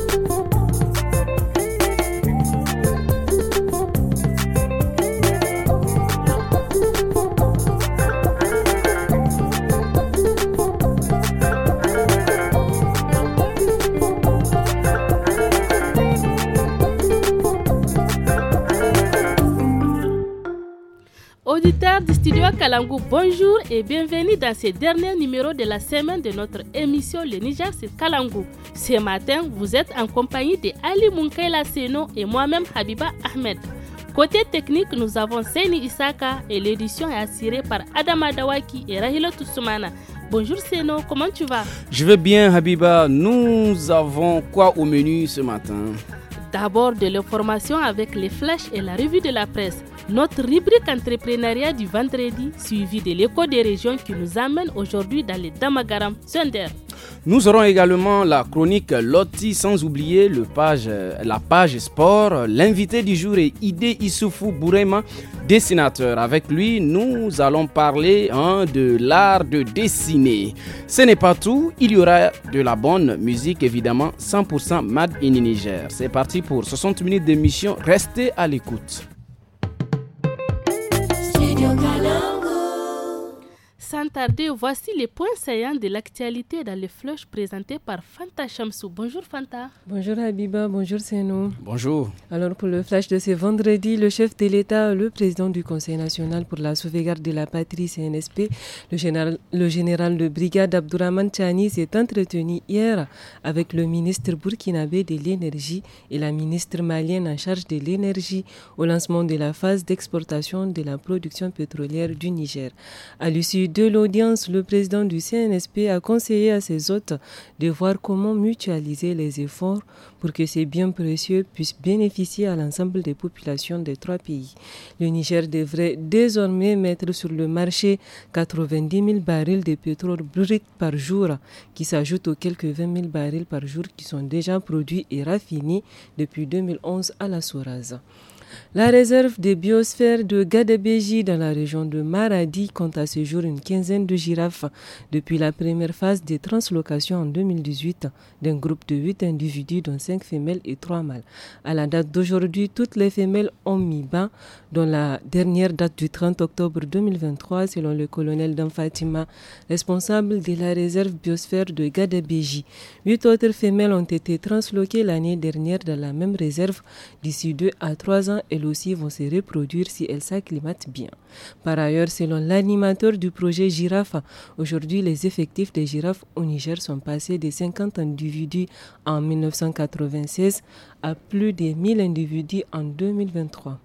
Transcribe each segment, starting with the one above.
thank you Studio Kalangu, bonjour et bienvenue dans ce dernier numéro de la semaine de notre émission Le Niger c'est Kalangou. Ce matin, vous êtes en compagnie de Ali Munkaila Seno et moi-même Habiba Ahmed. Côté technique, nous avons Seni Isaka et l'édition est assurée par Adama Dawaki et Rahilo Toussoumana. Bonjour Seno, comment tu vas Je vais bien Habiba, nous avons quoi au menu ce matin D'abord de l'information avec les flèches et la revue de la presse notre rubrique entrepreneuriat du vendredi, suivi de l'écho des régions qui nous amène aujourd'hui dans les Damagaram Sunder. Nous aurons également la chronique Lotti, sans oublier le page, la page sport. L'invité du jour est Ide Issoufou Bourema, dessinateur. Avec lui, nous allons parler hein, de l'art de dessiner. Ce n'est pas tout, il y aura de la bonne musique, évidemment, 100% Mad in Niger. C'est parti pour 60 minutes d'émission. Restez à l'écoute. Sans tarder, voici les points saillants de l'actualité dans les flèches présentées par Fanta Chamsou. Bonjour Fanta. Bonjour Habiba, bonjour Seno. Bonjour. Alors pour le flash de ce vendredi, le chef de l'État, le président du Conseil national pour la sauvegarde de la patrie CNSP, le général, le général de brigade Abdourahman Chani s'est entretenu hier avec le ministre burkinabé de l'énergie et la ministre malienne en charge de l'énergie au lancement de la phase d'exportation de la production pétrolière du Niger. À l'issue de l'audience, le président du CNSP a conseillé à ses hôtes de voir comment mutualiser les efforts pour que ces biens précieux puissent bénéficier à l'ensemble des populations des trois pays. Le Niger devrait désormais mettre sur le marché 90 000 barils de pétrole brut par jour, qui s'ajoutent aux quelques 20 000 barils par jour qui sont déjà produits et raffinés depuis 2011 à la Souraz. La réserve des biosphères de gadebéji dans la région de Maradi compte à ce jour une quinzaine de girafes depuis la première phase des translocations en 2018 d'un groupe de 8 individus dont 5 femelles et 3 mâles. À la date d'aujourd'hui, toutes les femelles ont mis bas dans la dernière date du 30 octobre 2023 selon le colonel Dan Fatima, responsable de la réserve biosphère de gadebéji 8 autres femelles ont été transloquées l'année dernière dans la même réserve d'ici deux à 3 ans elles aussi vont se reproduire si elles s'acclimatent bien. Par ailleurs, selon l'animateur du projet Girafe, aujourd'hui les effectifs des girafes au Niger sont passés de 50 individus en 1996 à plus de 1000 individus en 2023.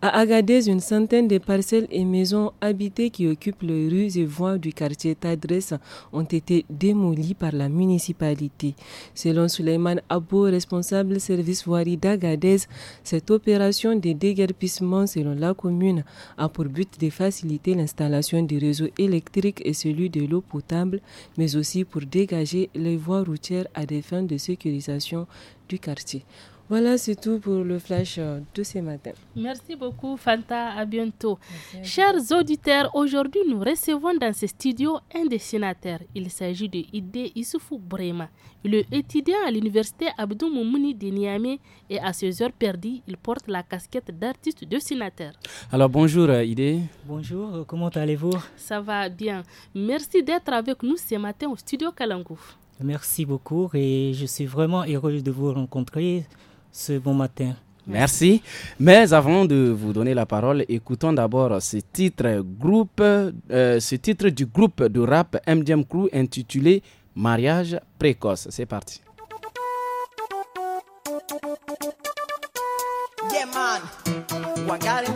À Agadez, une centaine de parcelles et maisons habitées qui occupent les rues et voies du quartier Tadres ont été démolies par la municipalité. Selon Suleiman Abou, responsable service voirie d'Agadez, cette opération de déguerpissement selon la commune a pour but de faciliter l'installation du réseau électrique et celui de l'eau potable, mais aussi pour dégager les voies routières à des fins de sécurisation du quartier. Voilà, c'est tout pour le flash euh, de ce matin. Merci beaucoup, Fanta. À bientôt. Chers auditeurs, aujourd'hui, nous recevons dans ce studio un dessinateur. Il s'agit de Idé Issoufou Brema. Il est étudiant à l'université Abdou Moumouni de Niamey et à ses heures perdues, il porte la casquette d'artiste dessinateur. Alors, bonjour, euh, Ide. Bonjour, euh, comment allez-vous Ça va bien. Merci d'être avec nous ce matin au studio Kalangouf. Merci beaucoup et je suis vraiment heureux de vous rencontrer ce bon matin. Merci. Mais avant de vous donner la parole, écoutons d'abord ce titre, groupe, euh, ce titre du groupe de rap MDM Crew intitulé Mariage précoce. C'est parti. Mariage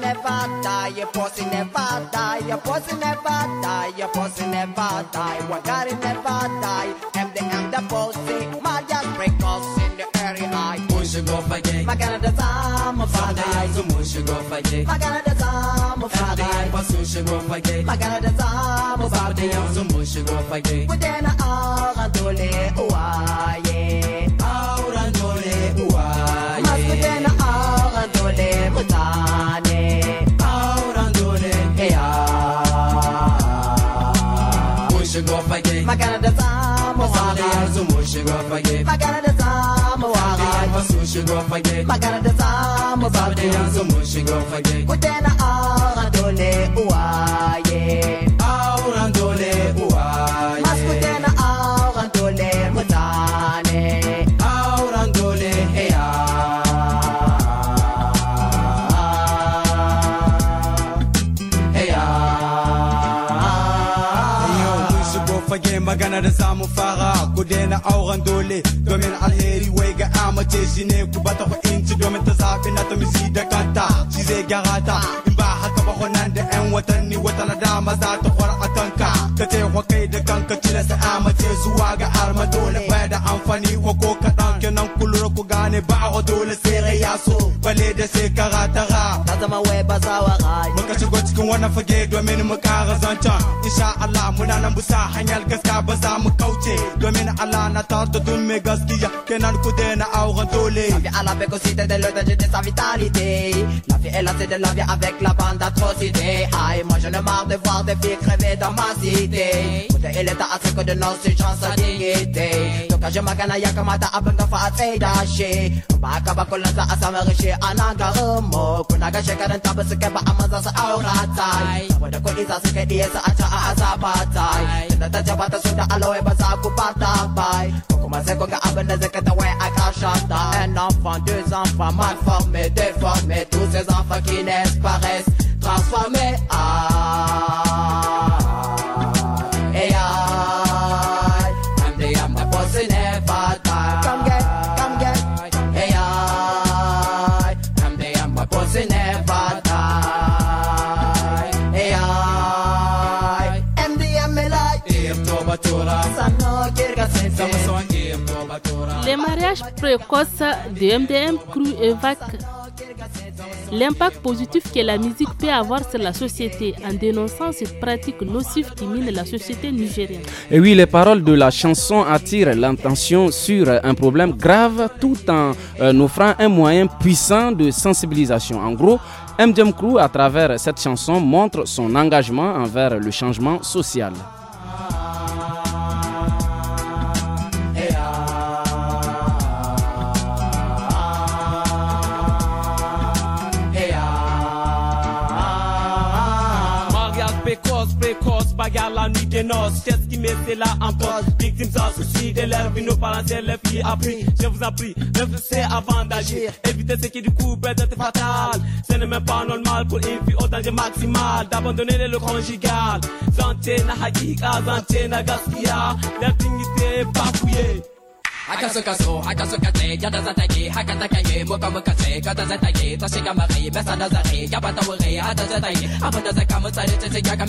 mushe go fage magana da ta mu fada yanzu mushe go fage magana da ta mu fada yanzu mushe go fage magana da ta mu fada yanzu mushe go fage ku dena aura dole uwaye aura dole uwaye mas ku dena aura dole mutane aura dole ya mushe go fage magana da ta mu fada yanzu mushe go fage magana da ta sushi go fage magana da zamu ba ku yanzu mun shigo fage ku tana a dole uwaye auren dole uwaye mas ku tana auren dole mutane auren dole ya Fage magana da samu fara ku daina auren dole domin alheri mace shi ne ku bata ku inci domin ta zafi na ta misi da kanta shi zai gyara ta in ba haka ba nan da yan watanni wata na dama za ta kwar a kanka ka ce wa kai da kanka cire a mace zuwa ga arma dole baya da amfani wa ko kaɗan kenan kulura ku gane ba a dole sai ya so bale da shekara ta zama wai ba wani fage domin mu kara zancen insha Allah muna nan bisa hanyar gaskiya ba za mu kauce domin Allah na tar da dun mai gaskiya kenan ku daina auren dole La vie à la bec de l'audace de sa vitalité La vie est lassée de la vie avec la bande atrocité Hi, moi je ne marre de voir des filles crever dans ma cité ileta a sako da nasu chansa dignity to kaje magana je m'en gagne à fa a tsaida shi ba ka ba kullum za a samu rishe ana garin mu kuna ga shekarun ta e ba su kai ba amma za su aura ta saboda kuɗi za su ke ɗiye su a ta a azaba ta tunda ta jaba ta suda da alawai ba za ku ba ta ba ko kuma sai a ga abin da zai kai ta wai a kasha ta un enfant deux enfants mal formés déformés tous ces enfants qui n'est pas précoce de MDM Crew évoque l'impact positif que la musique peut avoir sur la société en dénonçant ces pratiques nocive qui mine la société nigérienne. Et oui, les paroles de la chanson attirent l'attention sur un problème grave tout en euh, offrant un moyen puissant de sensibilisation. En gros, MDM Crew, à travers cette chanson, montre son engagement envers le changement social. noces. c'est ce qui met là en Victime sans souci de leur vie, nos parents c'est leur vie appris. Je vous en prie, c'est avant d'agir. Évitez ce qui du coup peut être fatal. Ce n'est même pas normal pour une fille au danger maximal d'abandonner le conjugal. Zanté na hagika, zanté na leur dignité est bafouillée. I got some casson, I got some cassé, y'a des attaqués, à quatre attaqués, moi comme un cassé, quand t'as attaqué, t'as chez Gamaré, mais ça n'a y'a pas ta mourir, à t'as attaqué, à mon dos à camo, ça l'est, c'est gaga,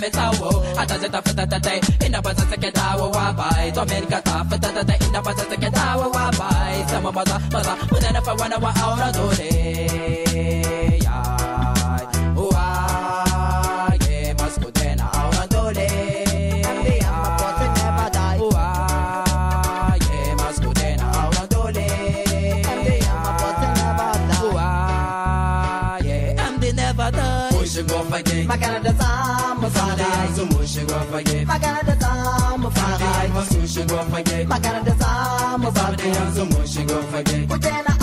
à t'as été à fête à tête, il n'a pas se quitter, wow, wow, bye, toi, mais le gata, fête à tête, il n'a se quitter, wow, wow, bye, c'est mon bazar, bazar, vous n'avez pas à voir, on fage magana da za mu fara yanzu mu shigo fage magana da za mu fara yanzu mu shigo fage magana da za mu fara yanzu mu shigo fage ku na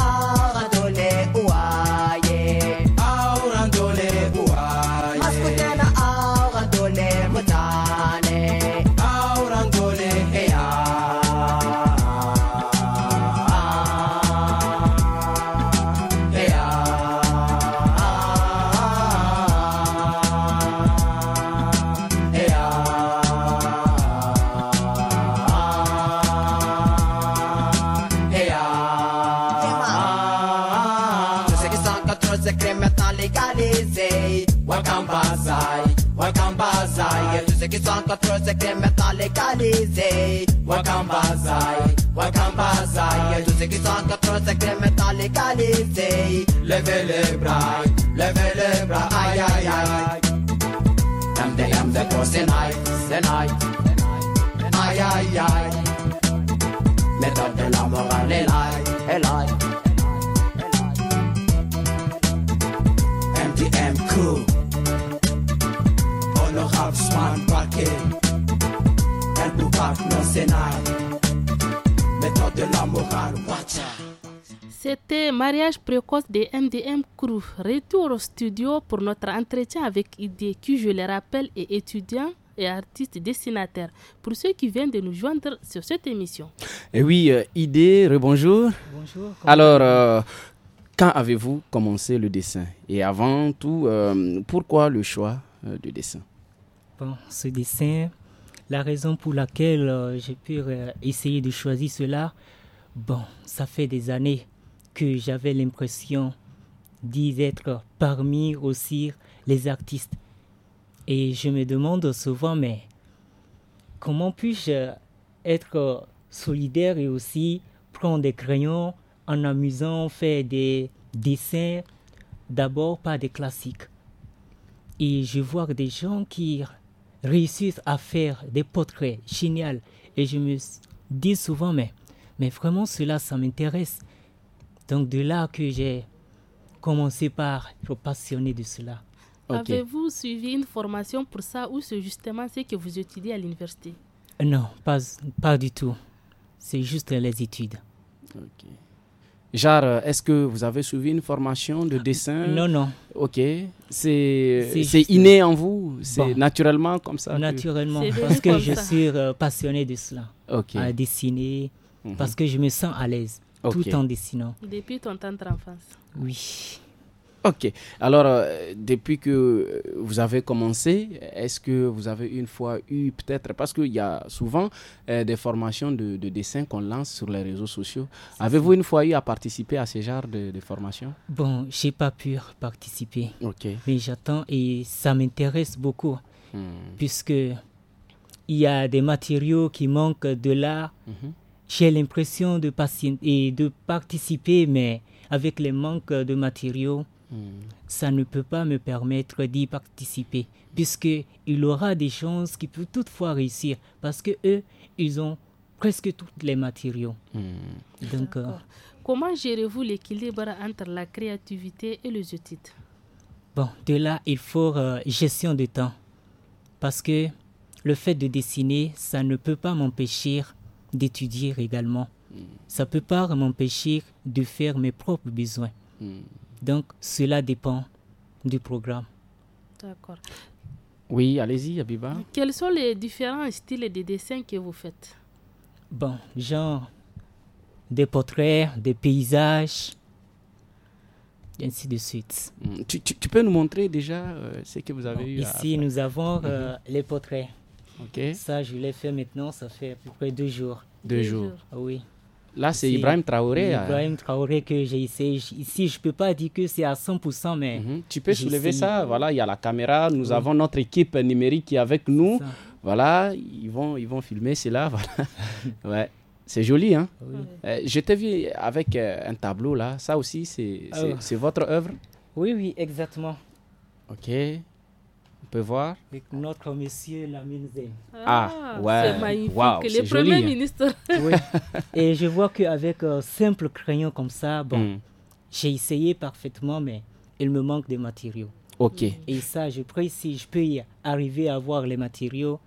Wakambazai, Wakambazai tuzikisankotrozeke metalikalize Wakambazai, Wakambazai level, metalikalize level, levelebrai, ay ay ay Them am the I'm the night, the night Ay ay ay Method de la morale, elle aille, MDM crew C'était Mariage précoce des MDM Crew. Retour au studio pour notre entretien avec Idé, qui, je le rappelle, est étudiant et artiste dessinateur. Pour ceux qui viennent de nous joindre sur cette émission. Et eh oui, euh, rebonjour. Bonjour. Alors, euh, quand avez-vous commencé le dessin Et avant tout, euh, pourquoi le choix du dessin ce dessin. La raison pour laquelle euh, j'ai pu euh, essayer de choisir cela, bon, ça fait des années que j'avais l'impression d'y être parmi aussi les artistes. Et je me demande souvent, mais comment puis-je euh, être solidaire et aussi prendre des crayons en amusant, faire des dessins, d'abord pas des classiques. Et je vois des gens qui réussissent à faire des portraits géniaux. Et je me dis souvent, mais, mais vraiment cela, ça m'intéresse. Donc de là que j'ai commencé par être passionné de cela. Avez-vous suivi une formation pour ça ou c'est justement ce que vous étudiez à l'université Non, pas, pas du tout. C'est juste les études. ok Genre, euh, est-ce que vous avez suivi une formation de dessin Non, non. Ok. C'est inné en vous C'est naturellement comme ça Naturellement, parce que je suis euh, passionné de cela. Ok. À dessiner, parce mhm. que je me sens à l'aise tout en dessinant. Depuis ton temps enfance Oui. Ok. Alors, euh, depuis que euh, vous avez commencé, est-ce que vous avez une fois eu peut-être, parce qu'il y a souvent euh, des formations de, de dessin qu'on lance sur les réseaux sociaux. Avez-vous une fois eu à participer à ce genre de, de formation Bon, j'ai pas pu participer. Ok. Mais j'attends et ça m'intéresse beaucoup, hmm. puisque il y a des matériaux qui manquent de l'art. Mhm. J'ai l'impression de, et de participer, mais avec les manques de matériaux, ça ne peut pas me permettre d'y participer, puisqu'il aura des choses qui peuvent toutefois réussir, parce que eux, ils ont presque tous les matériaux. Hmm. Donc, euh, Comment gérez-vous l'équilibre entre la créativité et le titre? Bon, de là, il faut euh, gestion de temps. Parce que le fait de dessiner, ça ne peut pas m'empêcher d'étudier également. Hmm. Ça ne peut pas m'empêcher de faire mes propres besoins. Hmm. Donc cela dépend du programme. D'accord. Oui, allez-y, Abiba. Quels sont les différents styles de dessins que vous faites Bon, genre des portraits, des paysages, et ainsi de suite. Mm, tu, peux nous montrer déjà euh, ce que vous avez eu Ici, nous avons mhm. euh, les portraits. Ok. Ça, je l'ai fait maintenant, ça fait à peu près deux jours. Deux, jours. Oui. Là, c'est Ibrahim Traoré. Euh. Ibrahim Traoré que j'ai Ici, je ne peux pas dire que c'est à 100%, mais... Mhm. Tu peux soulever ça. Voilà, il y a la caméra. Nous avons notre équipe numérique qui est avec nous. Voilà, ils vont, ils vont filmer cela. Voilà. ouais. C'est joli, hein euh, Je t'ai vu avec euh, un tableau, là. Ça aussi, ah c'est votre œuvre Oui, oui, exactement. OK peut voir Notre monsieur Lamine Ah, ah ouais. C'est magnifique. le premier ministre. oui. Et je vois qu'avec un euh, simple crayon comme ça, bon, hmm. j'ai essayé parfaitement, mais il me manque des matériaux. Ok. Et ça, je prie, si je peux y arriver à avoir les matériaux,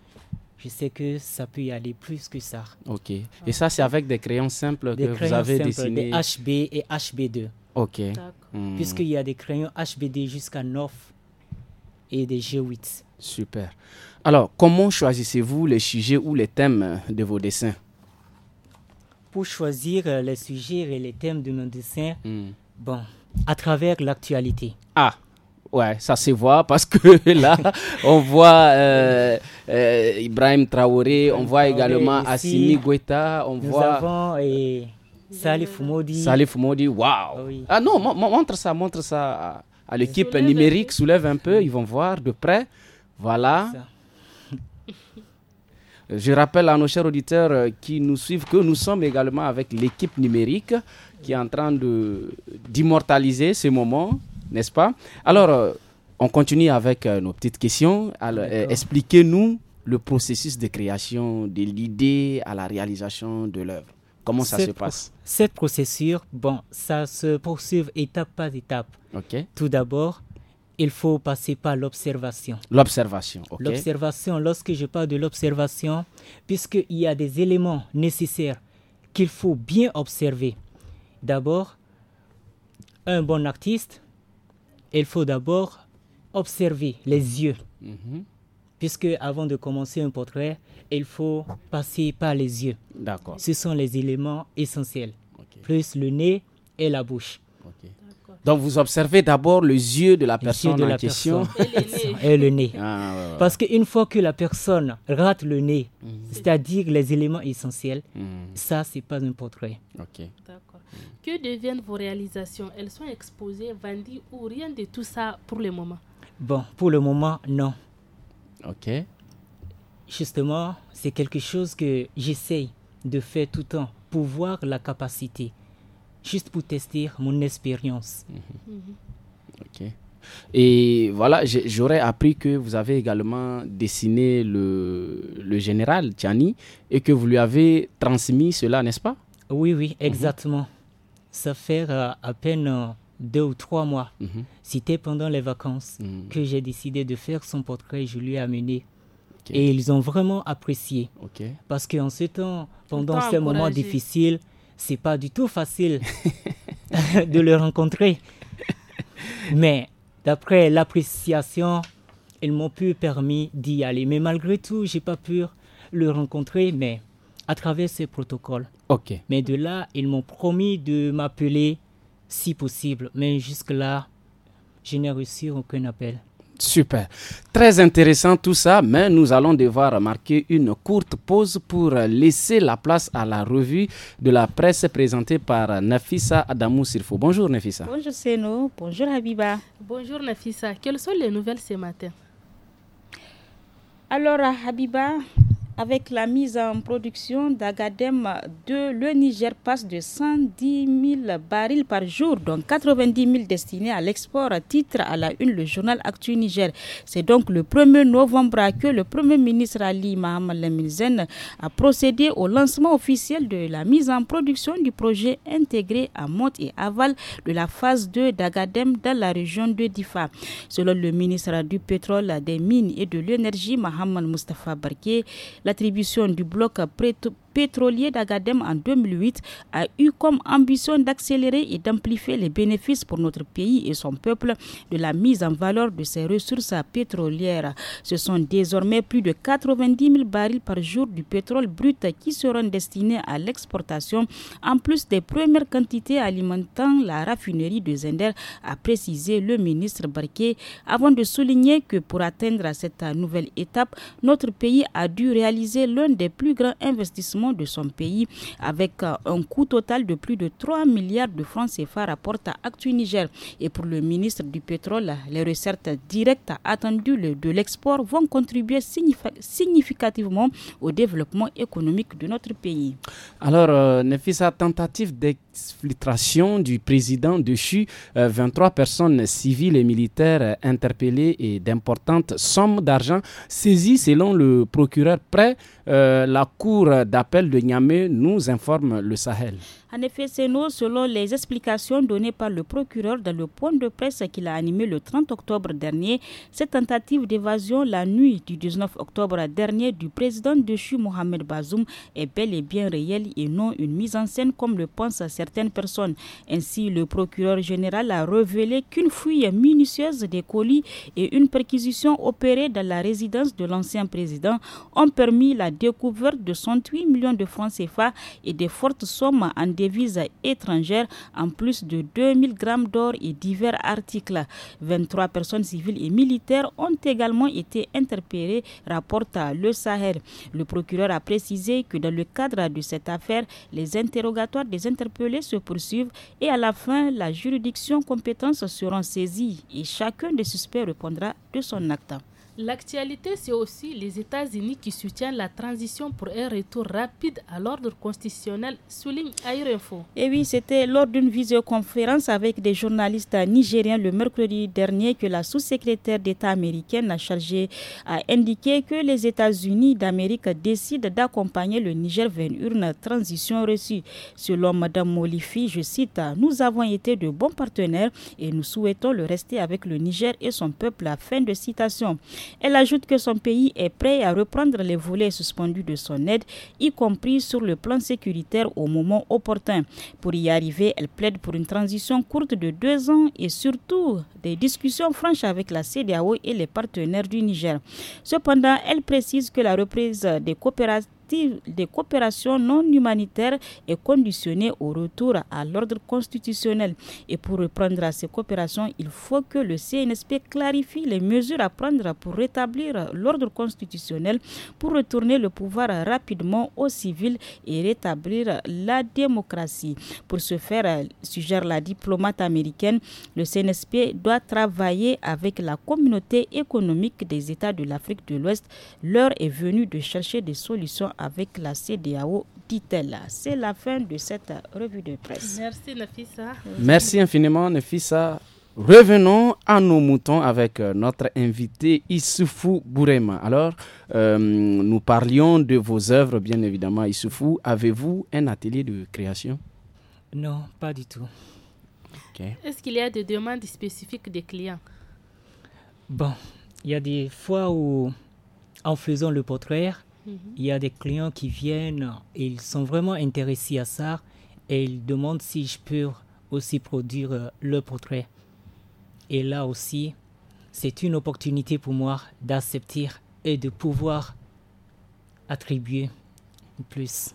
je sais que ça peut y aller plus que ça. Ok. Et ah. ça, c'est avec des crayons simples que vous avez simples, dessiné. Des HB et HB2. Ok. Hmm. Puisqu'il y a des crayons HBD jusqu'à 9 et des G8. Super. Alors, comment choisissez-vous les sujets ou les thèmes de vos dessins Pour choisir euh, les sujets et les thèmes de nos dessins, hmm. bon, à travers l'actualité. Ah, ouais, ça se voit parce que là, on voit euh, euh, Ibrahim Traoré, on voit également Assimi Guetta, on voit. et Salif Moudi. Salif Moudi, waouh! Ah, ah non, montre ça, montre ça à l'équipe numérique, soulève un peu, ils vont voir de près. Voilà. Je rappelle à nos chers auditeurs euh, qui nous suivent que nous sommes également avec l'équipe numérique qui est en train d'immortaliser ces moments, n'est-ce pas Alors, euh, on continue avec euh, nos petites questions. Expliquez-nous le processus de création de l'idée à la réalisation de l'œuvre. Comment ça se passe Cette procédure, bon, ça se poursuit étape par étape. Tout d'abord, il faut passer par l'observation. L'observation, ok. L'observation, lorsque je parle de l'observation, puisqu'il y a des éléments nécessaires qu'il faut bien observer. D'abord, un bon artiste, il faut d'abord observer les yeux. Mhm puisque avant de commencer un portrait, il faut passer par les yeux. D'accord. Ce sont les éléments essentiels, plus le nez et la bouche. Donc vous observez d'abord les yeux de la personne de la question et le nez. Ah, ouais, Parce qu'une fois que la personne rate le nez, mhm. c'est-à-dire les éléments essentiels, ça mhm. ça c'est pas un portrait. D'accord. Que deviennent vos réalisations Elles sont exposées, vendues ou rien de tout ça pour le moment Bon, pour le moment, non. Ok. Justement, c'est quelque chose que j'essaye de faire tout le temps pour la capacité, juste pour tester mon expérience. Mhm. Mhm. Ok. Et voilà, j'aurais appris que vous avez également dessiné le, le général Tiani et que vous lui avez transmis cela, n'est-ce pas Oui, oui, exactement. Ça fait euh, à peine euh, deux ou trois mois. Mhm. C'était pendant les vacances mhm. que j'ai décidé de faire son portrait. Je lui ai amené. Et ils ont vraiment apprécié. Parce qu'en ce temps, pendant ces moments difficiles, c'est pas du tout facile de le rencontrer. Mais d'après l'appréciation, ils m'ont pu permis d'y aller. Mais malgré tout, j'ai pas pu le rencontrer, mais à travers ces protocoles. Mais de là, ils m'ont promis de m'appeler si possible. Mais jusque-là, je n'ai reçu aucun appel. Super. Très intéressant tout ça, mais nous allons devoir marquer une courte pause pour laisser la place à la revue de la presse présentée par Nafissa Adamou Sirfo. Bonjour Nafissa. Bonjour Seno. Bonjour Habiba. Bonjour Nafissa. Quelles sont les nouvelles ce matin alors, Habiba, avec la mise en production d'Agadem 2, le Niger passe de 110 000 barils par jour, dont 90 000 destinés à l'export, titre à la une le journal Actu Niger. C'est donc le 1er novembre que le Premier ministre Ali Mohamed Lemilzen a procédé au lancement officiel de la mise en production du projet intégré à Monte et Aval de la phase 2 d'Agadem dans la région de Difa. Selon le ministre du Pétrole, des Mines et de l'Énergie, Mohamed Mustafa Barké, l'attribution du bloc pétrolier d'Agadem en 2008 a eu comme ambition d'accélérer et d'amplifier les bénéfices pour notre pays et son peuple de la mise en valeur de ses ressources pétrolières. Ce sont désormais plus de 90 000 barils par jour du pétrole brut qui seront destinés à l'exportation, en plus des premières quantités alimentant la raffinerie de Zender, a précisé le ministre Barquet, avant de souligner que pour atteindre cette nouvelle étape, notre pays a dû réaliser l'un des plus grands investissements de son pays avec euh, un coût total de plus de 3 milliards de francs CFA rapporte à Actu Niger. Et pour le ministre du Pétrole, les recettes directes attendues de l'export vont contribuer significativement au développement économique de notre pays. Alors, euh, sa tentative de infiltration du président déchu, euh, 23 personnes civiles et militaires interpellées et d'importantes sommes d'argent saisies selon le procureur près. Euh, la cour d'appel de Niamey nous informe le Sahel. En effet, c'est nous, selon les explications données par le procureur dans le point de presse qu'il a animé le 30 octobre dernier, cette tentative d'évasion la nuit du 19 octobre dernier du président de Chu Mohamed Bazoum est bel et bien réelle et non une mise en scène comme le pensent certaines personnes. Ainsi, le procureur général a révélé qu'une fouille minutieuse des colis et une perquisition opérée dans la résidence de l'ancien président ont permis la découverte de 108 millions de francs CFA et des fortes sommes en Visas étrangères, en plus de 2000 grammes d'or et divers articles. 23 personnes civiles et militaires ont également été interpellées, rapporte le Sahel. Le procureur a précisé que dans le cadre de cette affaire, les interrogatoires des interpellés se poursuivent et à la fin, la juridiction compétence sera saisie et chacun des suspects répondra de son acte. L'actualité, c'est aussi les États-Unis qui soutiennent la transition pour un retour rapide à l'ordre constitutionnel, souligne Info. Et eh oui, c'était lors d'une visioconférence avec des journalistes nigériens le mercredi dernier que la sous-secrétaire d'État américaine a chargé a indiqué que les États-Unis d'Amérique décident d'accompagner le Niger vers une transition reçue. Selon Mme Molifi, je cite, Nous avons été de bons partenaires et nous souhaitons le rester avec le Niger et son peuple. fin de citation. Elle ajoute que son pays est prêt à reprendre les volets suspendus de son aide, y compris sur le plan sécuritaire au moment opportun. Pour y arriver, elle plaide pour une transition courte de deux ans et surtout des discussions franches avec la CDAO et les partenaires du Niger. Cependant, elle précise que la reprise des coopérations des coopérations non humanitaires est conditionnée au retour à l'ordre constitutionnel. Et pour reprendre à ces coopérations, il faut que le CNSP clarifie les mesures à prendre pour rétablir l'ordre constitutionnel, pour retourner le pouvoir rapidement aux civils et rétablir la démocratie. Pour ce faire, suggère la diplomate américaine, le CNSP doit travailler avec la communauté économique des États de l'Afrique de l'Ouest. L'heure est venue de chercher des solutions avec la CDAO, dit-elle. C'est la fin de cette revue de presse. Merci Nefissa. Merci infiniment Nefissa. Revenons à nos moutons avec euh, notre invité Issoufou Bourema. Alors, euh, nous parlions de vos œuvres, bien évidemment. Issoufou, avez-vous un atelier de création Non, pas du tout. Est-ce qu'il y a des demandes spécifiques des clients Bon, il y a des fois où, en faisant le portrait, Mhm. Il y a des clients qui viennent, ils sont vraiment intéressés à ça et ils demandent si je peux aussi produire euh, le portrait. Et là aussi, c'est une opportunité pour moi d'accepter et de pouvoir attribuer plus.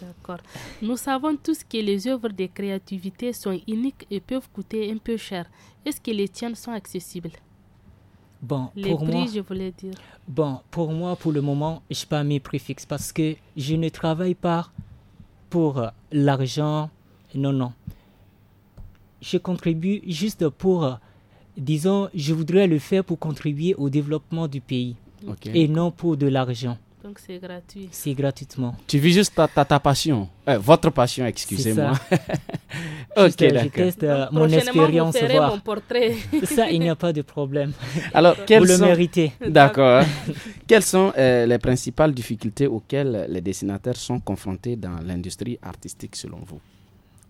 D'accord. Nous savons tous que les œuvres de créativité sont uniques et peuvent coûter un peu cher. Est-ce que les tiennes sont accessibles Bon, pour moi, je voulais dire. Bon, pour moi, pour le moment, je n'ai pas mis préfixes parce que je ne travaille pas pour euh, l'argent. Non, non. Je contribue juste pour, euh, disons, je voudrais le faire pour contribuer au développement du pays et non pour de l'argent c'est gratuit. C'est gratuitement. Tu vis juste ta, ta, passion. Eh, votre passion, excusez-moi. ok, d'accord. Euh, mon expérience. mon portrait. ça, il n'y a pas de problème. Alors, quels vous le méritez. D'accord. quelles sont euh, les principales difficultés auxquelles les dessinateurs sont confrontés dans l'industrie artistique, selon vous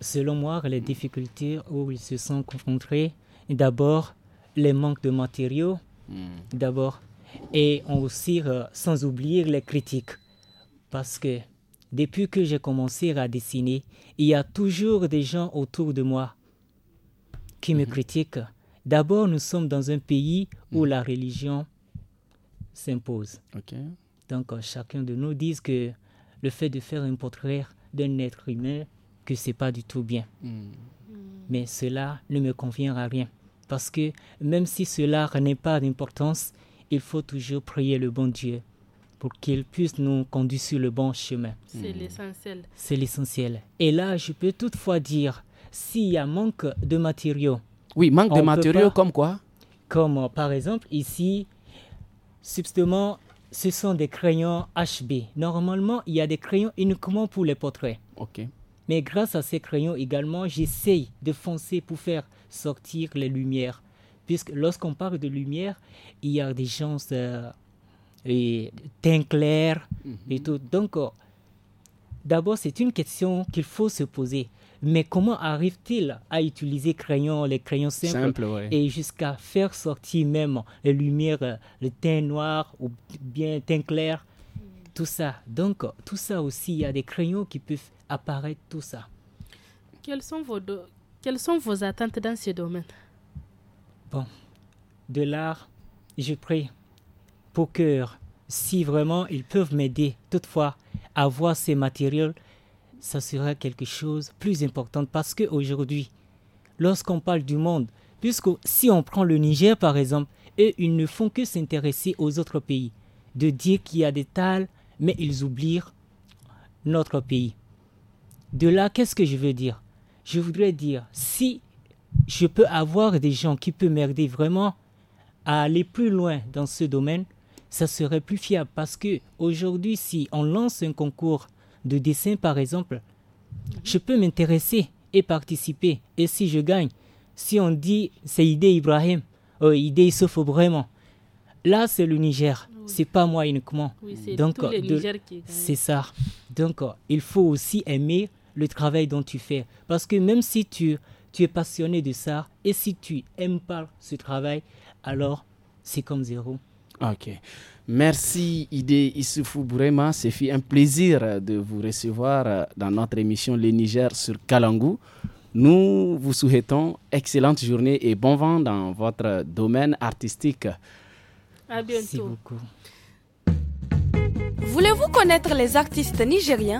Selon moi, les difficultés où ils se sont confrontés, d'abord, les manques de matériaux. Hmm. D'abord, et aussi euh, sans oublier les critiques. Parce que depuis que j'ai commencé à dessiner, il y a toujours des gens autour de moi qui me mhm. critiquent. D'abord, nous sommes dans un pays où mhm. la religion s'impose. Donc, euh, chacun de nous dit que le fait de faire un portrait d'un être humain, que c'est pas du tout bien. Hmm. Hmm. Mais cela ne me convient à rien. Parce que même si cela n'est pas d'importance, il faut toujours prier le bon Dieu pour qu'il puisse nous conduire sur le bon chemin. C'est mm. l'essentiel. C'est l'essentiel. Et là, je peux toutefois dire, s'il y a manque de matériaux. Oui, manque de matériaux comme quoi Comme euh, par exemple ici, ce sont des crayons HB. Normalement, il y a des crayons uniquement pour les portraits. OK. Mais grâce à ces crayons également, j'essaye de foncer pour faire sortir les lumières puisque lorsqu'on parle de lumière, il y a des gens euh, et teint clair et mhm. tout. Donc, euh, d'abord, c'est une question qu'il faut se poser. Mais comment arrive-t-il à utiliser crayon, les crayons simples Simple, et jusqu'à faire sortir même les lumières, euh, le teint noir ou bien teint clair, tout ça. Donc, euh, tout ça aussi, il y a des crayons qui peuvent apparaître, tout ça. sont vos, Quelles sont vos attentes dans ce domaine Bon, de l'art, je prie pour que si vraiment ils peuvent m'aider, toutefois, à voir ces matériaux, ça sera quelque chose de plus important parce qu'aujourd'hui, lorsqu'on parle du monde, puisque si on prend le Niger par exemple, eux, ils ne font que s'intéresser aux autres pays, de dire qu'il y a des tales, mais ils oublient notre pays. De là, qu'est-ce que je veux dire Je voudrais dire, si je peux avoir des gens qui peuvent m'aider vraiment à aller plus loin dans ce domaine, ça serait plus fiable parce que aujourd'hui, si on lance un concours de dessin par exemple, mhm. je peux m'intéresser et participer. Et si je gagne, si on dit c'est idée Ibrahim, oh idée faut vraiment, là c'est le Niger, c'est pas moi uniquement. Oui, Donc c'est ça. Donc il faut aussi aimer le travail dont tu fais parce que même si tu tu es passionné de ça, et si tu aimes pas ce travail, alors c'est comme zéro. Ok. Merci Idé Issoufou Bourema. c'est fait un plaisir de vous recevoir dans notre émission Les Niger sur Kalangou. Nous vous souhaitons excellente journée et bon vent dans votre domaine artistique. À bientôt. Merci beaucoup. Voulez-vous connaître les artistes nigériens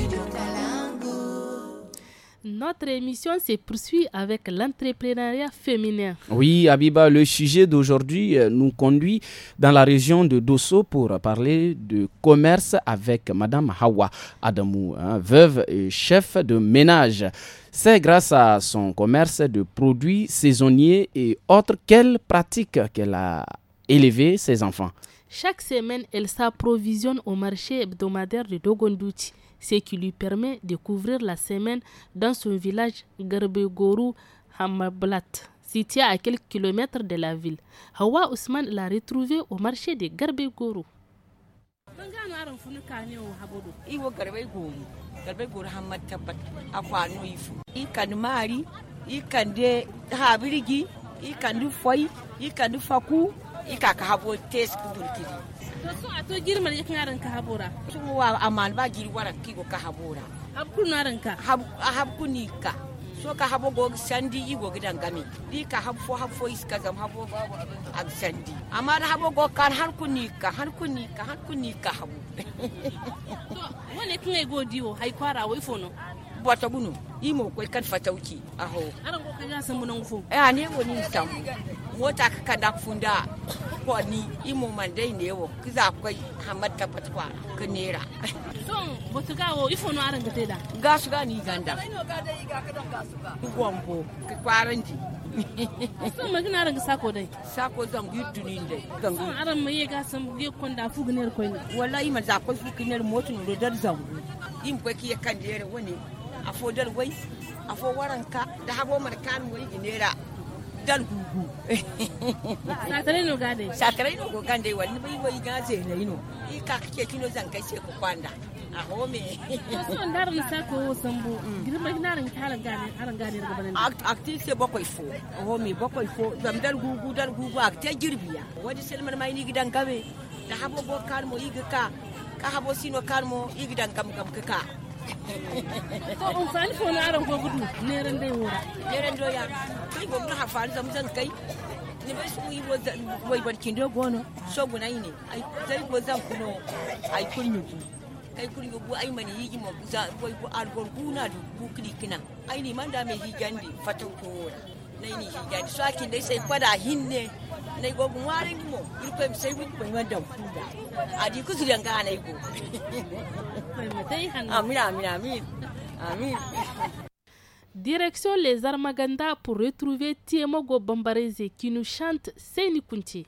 Notre émission se poursuit avec l'entrepreneuriat féminin. Oui, Abiba, le sujet d'aujourd'hui euh, nous conduit dans la région de Dosso pour parler de commerce avec Madame Hawa Adamou, hein, veuve et chef de ménage. C'est grâce à son commerce de produits saisonniers et autres qu'elle pratique qu'elle a élevé ses enfants. Chaque semaine, elle s'approvisionne au marché hebdomadaire de Dogondouti, ce qui lui permet de couvrir la semaine dans son village gourou Hamablat, situé à quelques kilomètres de la ville. Hawa Ousmane l'a retrouvée au marché de gourou. ika ka habo tes kiri to so to girma je kan ka habora shin wa amal ba giri wara kigo ka habora habku ran ka habku ni ka so ka habo go sandi yi go gidan gami di ka fo is ka gam habo ab sandi amma habo go kan har ku ni ka har ku ni ka har ku ni ka habo to wane kin go diwo hay kwara wo ifono bota bunu imo koi kan fatauki aho aran ko kanya san munan fu eh ne woni sam mota ka kada funda ko ni imo man dai ne wo kiza ko hamad ta patwa ka nera son botu ga wo ifo no aran ga teda ga su ga ni ganda ai no ga dai ga ka don ga su ga gwambo ka kwaranti sun magana ran ga sako dai sako zan yi tunin dai zan yi aran mai ya gasan ya kwanda fugunar kwai wallahi ma za ko fugunar motin rodar zan. in kwaki ya kan dare wani afo dalgwai afo waranka da habo markan wai inera dal gugu satare no gade satare no gande wani bai wai gaze ne ino i ka kake kino zan kai ce ku kwanda a home so ndarin sa ko sambo mm. girma ginarin kala gane aran gane daga banan akti ce bakwai fo a home bakwai fo zam dal gugu dal gugu akti girbiya wani selman mai ni gidan gabe da habo bokar mo iga ka ka habo sino kar mo igidan kam kam ka to on sani ko na aran ko gudu ne ran dai wora ne ran doya kai go mun hafa zam zan kai ne ba su yi wazan wai barkin do gono so guna yi ne ai zai go zan kuno ai kunyu kai kunyu bu ai mani yi mo za wai bu argon guna du bu klikina ai ni man da me yi gandi fatan ko wora nai ni yi gandi so akin dai sai kwada hinne naigo gumware ndimo iriko msaibu kuimanda mfunda adi kuzuri anga naigo amira amira amira amira Direction les Armaganda pour retrouver Tiemogo Bambarese qui nous chante Seni Kunti.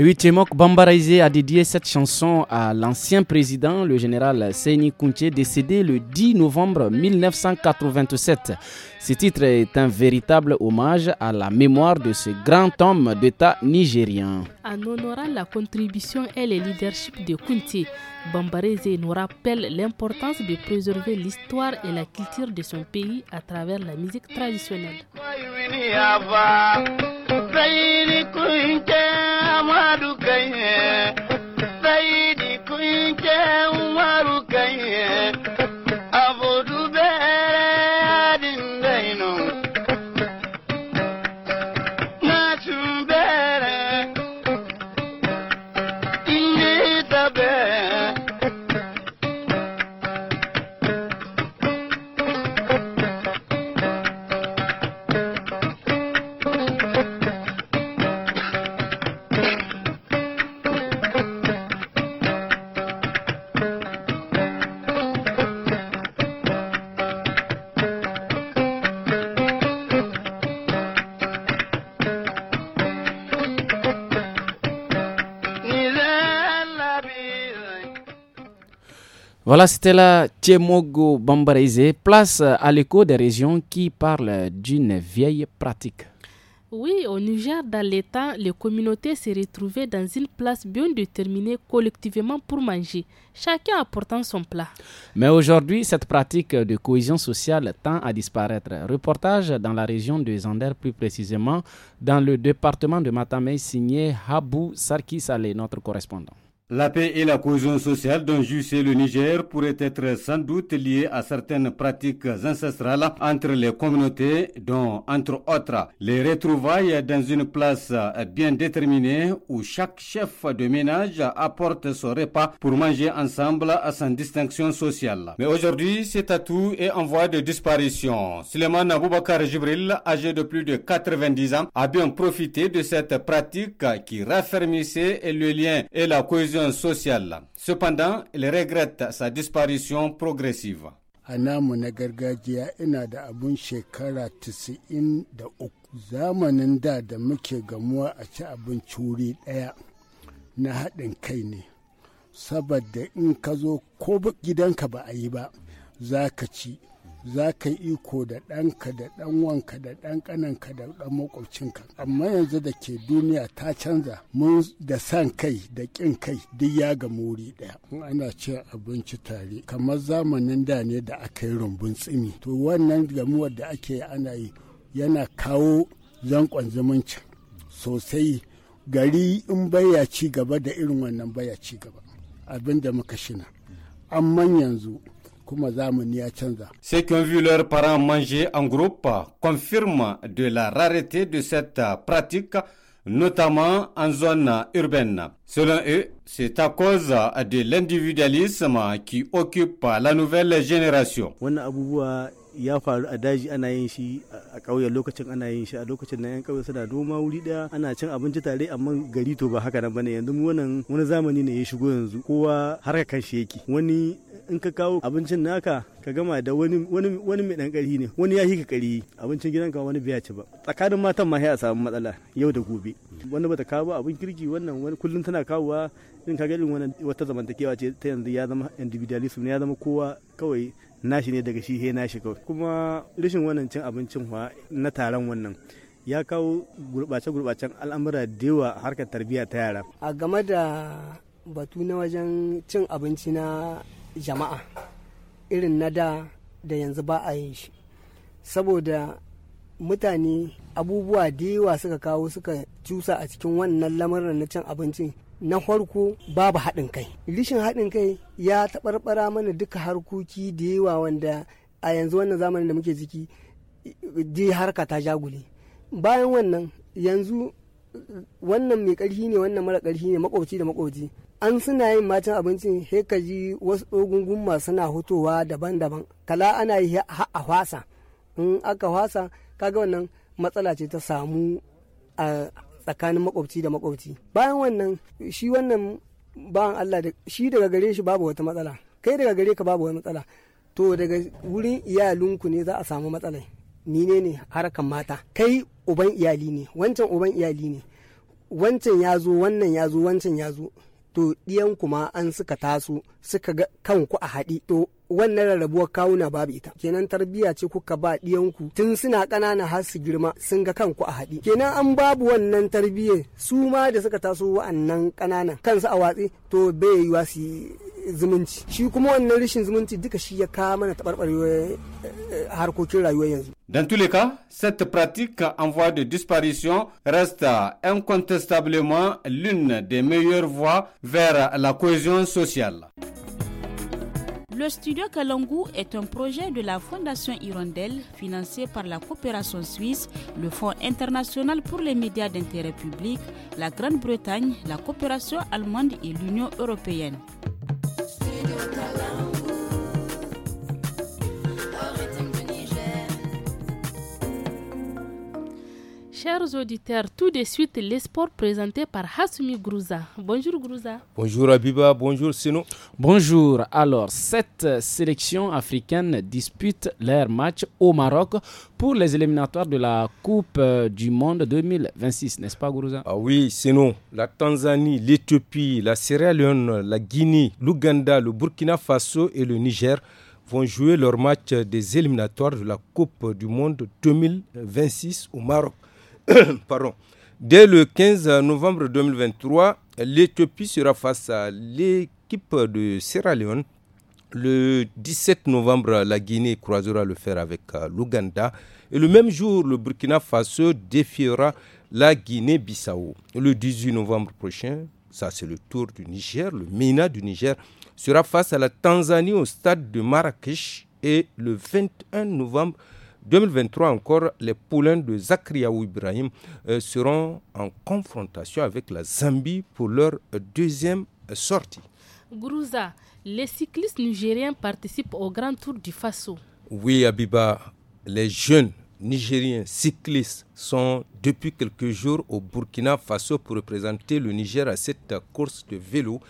Et oui, a dédié cette chanson à l'ancien président, le général Seyni Kounché, décédé le 10 novembre 1987. Ce titre est un véritable hommage à la mémoire de ce grand homme d'État nigérien. En honorant la contribution et le leadership de Kunti, Bambarese nous rappelle l'importance de préserver l'histoire et la culture de son pays à travers la musique traditionnelle. Voilà, c'était la Tiemogo Bombarese, Place à l'écho des régions qui parlent d'une vieille pratique. Oui, au Niger, dans l'état, les communautés se retrouvaient dans une place bien déterminée collectivement pour manger, chacun apportant son plat. Mais aujourd'hui, cette pratique de cohésion sociale tend à disparaître. Reportage dans la région de Zander, plus précisément dans le département de Matamei, signé Habou Sarkisale, notre correspondant. La paix et la cohésion sociale dont jouissait le Niger pourraient être sans doute liées à certaines pratiques ancestrales entre les communautés, dont, entre autres, les retrouvailles dans une place bien déterminée où chaque chef de ménage apporte son repas pour manger ensemble à sans distinction sociale. Mais aujourd'hui, cet atout est en voie de disparition. Suleiman Aboubakar Jibril, âgé de plus de 90 ans, a bien profité de cette pratique qui raffermissait le lien et la cohésion cohésion sociale. Cependant, il regrette sa disparition progressive. A namu na gargajiya ina da abun shekara 93 zamanin da da muke gamuwa a ci abinci wuri ɗaya na haɗin kai ne. Saboda in ka zo ko gidanka ba a yi ba, za ka ci. za ka iko da ɗanka da ɗan wanka da ɗan ƙananka da ɗan makwabcinka amma yanzu da ke duniya ta canza mun da san kai da ƙin kai duk ya ga wuri ɗaya ana cin abinci tare kamar zamanin da ne da aka yi rumbun tsimi to wannan gamuwar da ake ana yi yana kawo zankon zumunci sosai gari in baya ci gaba da irin wannan baya ci gaba abin da muka shina amma yanzu C'est ont vu leurs parents manger en groupe confirme de la rareté de cette pratique, notamment en zone urbaine. Selon eux, c'est à cause de l'individualisme qui occupe la nouvelle génération. in ka kawo abincin naka ka gama da wani wani wani mai dan ne wani ya yi ka ƙarfi abincin gidanka wani biya ci ba tsakanin matan ma sai samu matsala yau da gobe wani bata kawo abin kirki wannan wani kullum tana kawowa in ka gani wani wata zamantakewa ce ta yanzu ya zama individualism ne ya zama kowa kawai nashi ne daga shi he nashi kawai kuma rashin wannan cin abincin na taron wannan ya kawo gurɓace-gurɓacen al'amura da yawa harkar tarbiyya ta yara. A game da batu na wajen cin abinci na jama'a irin na da da yanzu ba a yin shi saboda mutane abubuwa da yawa suka kawo suka cusa a cikin wannan lamarin na cin abinci na farko babu haɗin kai rishin haɗin kai ya taɓarɓara mana duka harkoki da yawa wanda a yanzu wannan zamanin da muke ciki da harka ta jagule bayan wannan yanzu wannan mai ƙarfi ne wannan mara ƙarfi ne makwabci da makwabci an suna yin matan abincin hekaji ji wasu dogungun masu na hutowa daban-daban kala ana yi a hwasa in aka hwasa kaga wannan matsala ce ta samu a tsakanin makwabci da makwabci bayan wannan shi wannan bayan Allah da shi daga gare shi babu wata matsala kai daga gare ka babu wata matsala to daga wurin iyalinku ne za a samu matsalai ni ne ne harkar mata kai uban iyali ne wancan uban iyali ne wancan ya zo wannan ya zo wancan ya zo to ɗiyan kuma an suka taso suka ga kanku a haɗi to wannan rarrabuwar kawuna babu ita kenan tarbiyya ce kuka ba ɗiyanku tun suna ƙanana har su girma sun ga kanku a haɗi kenan an babu wannan tarbiyya su ma da suka taso wa'annan ƙanana? kansu a watsi to bai yiwa su Dans tous les cas, cette pratique en voie de disparition reste incontestablement l'une des meilleures voies vers la cohésion sociale. Le studio Kalangu est un projet de la Fondation Hirondelle financé par la coopération suisse, le Fonds international pour les médias d'intérêt public, la Grande-Bretagne, la coopération allemande et l'Union européenne. Kalamb chers auditeurs, tout de suite les sports présentés par Hassoumi Grouza. Bonjour Grouza. Bonjour Abiba, bonjour Sino. Bonjour. Alors, cette sélection africaine dispute leur match au Maroc pour les éliminatoires de la Coupe euh, du Monde 2026, n'est-ce pas Grouza Ah oui, Sino. La Tanzanie, l'Éthiopie, la Sierra Leone, la Guinée, l'Ouganda, le Burkina Faso et le Niger vont jouer leur match des éliminatoires de la Coupe du Monde 2026 au Maroc. Dès le 15 novembre 2023, l'Éthiopie sera face à l'équipe de Sierra Leone. Le 17 novembre, la Guinée croisera le fer avec euh, l'Ouganda. Et le même jour, le Burkina Faso défiera la Guinée-Bissau. Le 18 novembre prochain, ça c'est le tour du Niger, le Mina du Niger sera face à la Tanzanie au stade de Marrakech. Et le 21 novembre, 2023 encore, les poulains de Ou Ibrahim euh, seront en confrontation avec la Zambie pour leur euh, deuxième euh, sortie. Grouza, les cyclistes nigériens participent au Grand Tour du Faso. Oui, Abiba, les jeunes Nigériens cyclistes sont depuis quelques jours au Burkina Faso pour représenter le Niger à cette course de vélo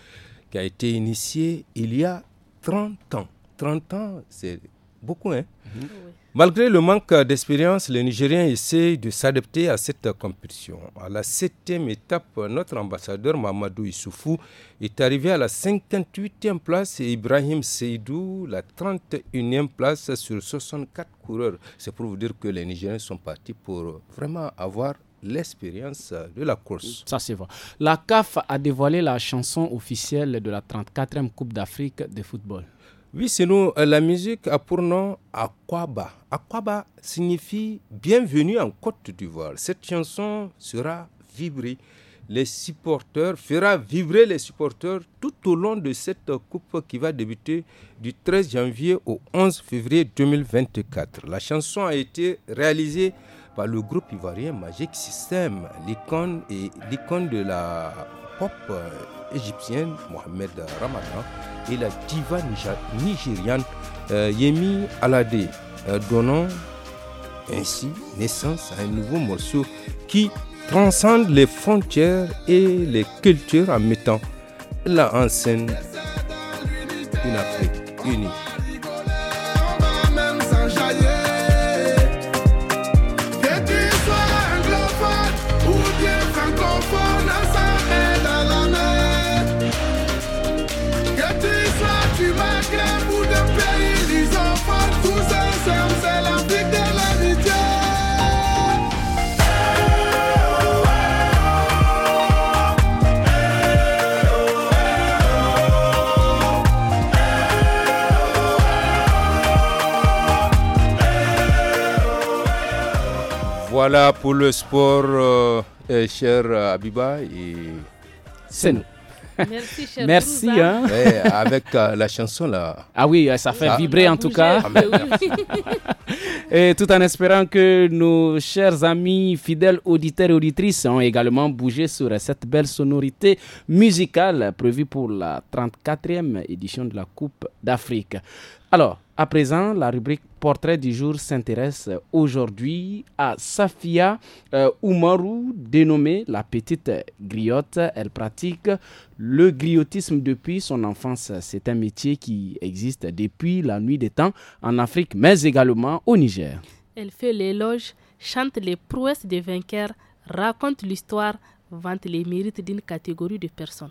qui a été initiée il y a 30 ans. 30 ans, c'est Beaucoup, hein mhm. Malgré le manque d'expérience, les Nigériens essayent de s'adapter à cette compétition. À la septième étape, notre ambassadeur Mamadou Issoufou est arrivé à la 58e place et Ibrahim Seydou la 31e place sur 64 coureurs. C'est pour vous dire que les Nigériens sont partis pour vraiment avoir l'expérience de la course. Ça c'est vrai. La CAF a dévoilé la chanson officielle de la 34e Coupe d'Afrique de football. Oui, c'est nous. Euh, la musique a pour nom Aquaba. Aquaba signifie bienvenue en Côte d'Ivoire. Cette chanson sera vibrée. Les supporters, fera vibrer les supporters tout au long de cette coupe qui va débuter du 13 janvier au 11 février 2024. La chanson a été réalisée par le groupe ivoirien Magic System, l'icône et l'icône de la pop euh, égyptienne, Mohamed Ramadan, et la diva nigériane euh, Yemi Alade, euh, donnant ainsi naissance à un nouveau morceau qui transcende les frontières et les cultures en mettant là en scène une Afrique unie. Voilà pour le sport, euh, cher euh, Abiba. C'est nous. Merci, cher Merci hein. eh, avec euh, la chanson là. Ah oui, ça fait vibrer en tout cas. Ah, et tout en espérant que nos chers amis fidèles auditeurs et auditrices ont également bougé sur cette belle sonorité musicale prévue pour la 34e édition de la Coupe d'Afrique. Alors, à présent, la rubrique Portrait du jour s'intéresse aujourd'hui à Safia euh, Oumarou, dénommée la petite griotte. Elle pratique le griotisme depuis son enfance. C'est un métier qui existe depuis la nuit des temps en Afrique, mais également au Niger. Elle fait l'éloge, chante les prouesses des vainqueurs, raconte l'histoire, vante les mérites d'une catégorie de personnes.